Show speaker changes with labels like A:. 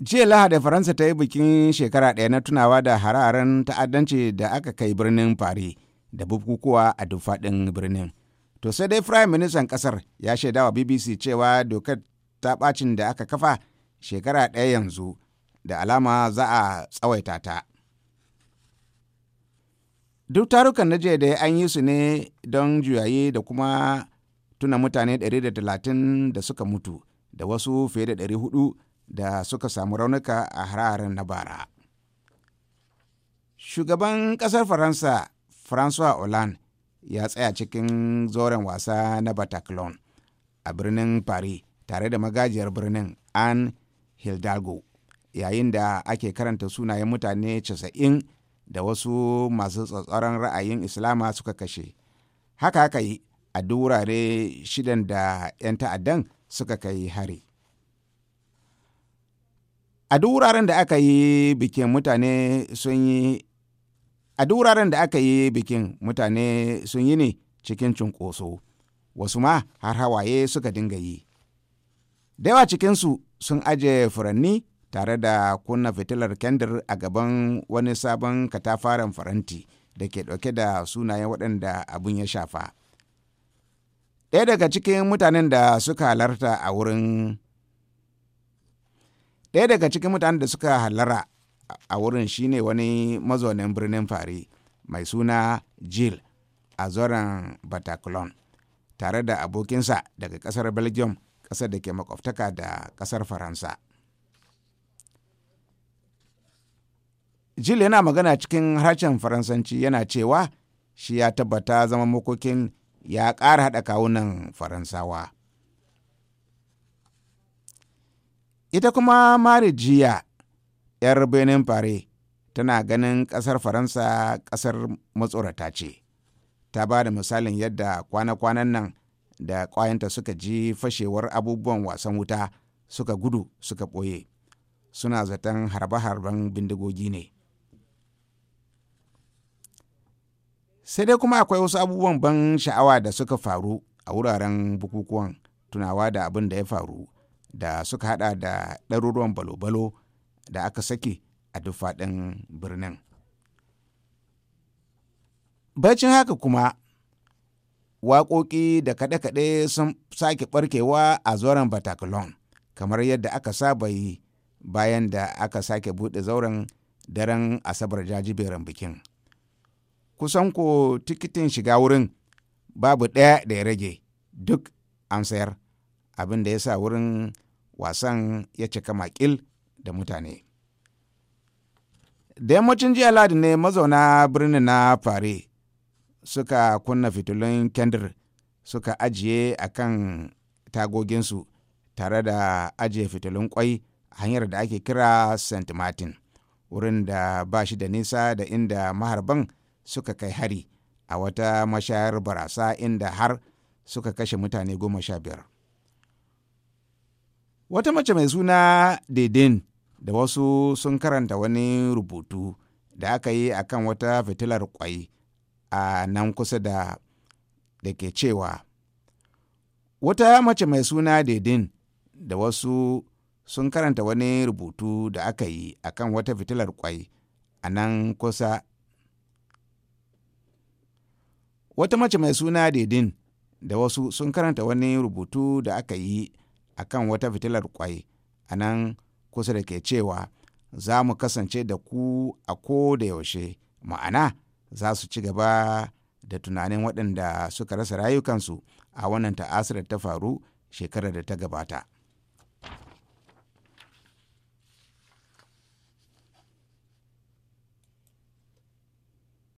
A: jiya lahadi faransa ta yi bikin shekara ɗaya na tunawa da hare ta'addanci da aka kai birnin fari da bukukuwa a duk faɗin birnin to sai dai firayim ministan ƙasar ya shaidawa bbc cewa dokar ta ɓacin da aka kafa shekara ɗaya yanzu da alama za a tsawaita ta duk tarukan na jiya da an yi su ne don juyayi da kuma tuna mutane 130 da suka mutu da wasu fiye da 400 da suka samu raunuka a hararen na bara. Shugaban ƙasar Faransa, François Hollande, ya tsaya cikin zoren wasa na Bataclan a birnin Paris tare da magajiyar birnin Anne Hidalgo, yayin da ake karanta sunayen mutane 90 da wasu masu tsatsaron ra'ayin Islama suka kashe. Haka haka yi a duk wurare shidan da 'yan ta'addan suka kai hari. a duk wuraren da aka yi bikin mutane sun yi a duk wuraren da aka yi bikin mutane sun yi ne cikin cunkoso wasu ma har hawaye suka dinga yi da yawa cikinsu sun aje furanni tare da kunna fitilar kendir a gaban wani sabon katafaren faranti da ke ɗauke da sunayen waɗanda abin ya shafa ɗaya daga cikin mutanen da suka halarta a wurin ɗaya daga cikin mutanen da suka hallara a wurin shine wani mazaunin birnin fari mai suna jill a zoren bataclan tare da abokinsa daga ƙasar belgium ƙasar da ke makwabtaka da ƙasar faransa jill yana magana cikin harshen faransanci yana cewa shi ya tabbata zama makokin ya ƙara haɗa kawunan faransawa ita kuma marijiya yar benin fare tana ganin ƙasar faransa ƙasar matsorata ce ta ba da misalin yadda kwana-kwanan nan da ƙwayanta suka ji fashewar abubuwan wasan wuta suka gudu suka ɓoye suna zaton harbe-harben bindigogi ne sai dai kuma akwai wasu abubuwan ban sha'awa da suka faru a wuraren bukukuwan tunawa da abin da ya faru da suka hada da ɗaruruwan balo-balo da aka sake a duk faɗin birnin. Bacin haka kuma waƙoƙi da kaɗe-kaɗe sun sake ɓarkewa a zoren Bataclan kamar yadda aka saba yi bayan da aka sake buɗe zauren daren asabar jajiberin bikin. Kusan ko tikitin shiga wurin babu ɗaya da ya rage duk an sayar. abin da ya sa wurin wasan ya cika makil da mutane da yammacin jiya ladi ne mazauna birnin na fare suka kunna fitilun kendir suka ajiye a kan tagoginsu tare da ajiye fitilun kwai hanyar da ake kira st martin wurin da ba shi da nisa da inda maharban suka kai hari a wata mashayar barasa inda har suka kashe mutane goma sha biyar wata mace mai suna dedin da wasu sun karanta wani rubutu da aka yi a kan wata fitilar kwai a nan kusa da da ke cewa wata mace mai suna dedin da wasu sun karanta wani rubutu da aka yi a kan wata fitilar kwai a nan kusa wata mace mai suna dedin da wasu sun karanta wani rubutu da aka yi a kan wata fitilar kwai a nan kusa da ke cewa za mu kasance da ku a ko da yaushe ma'ana za su ci gaba da tunanin waɗanda suka rasa rayukansu a wannan ta'asirar ta faru shekarar da ta gabata.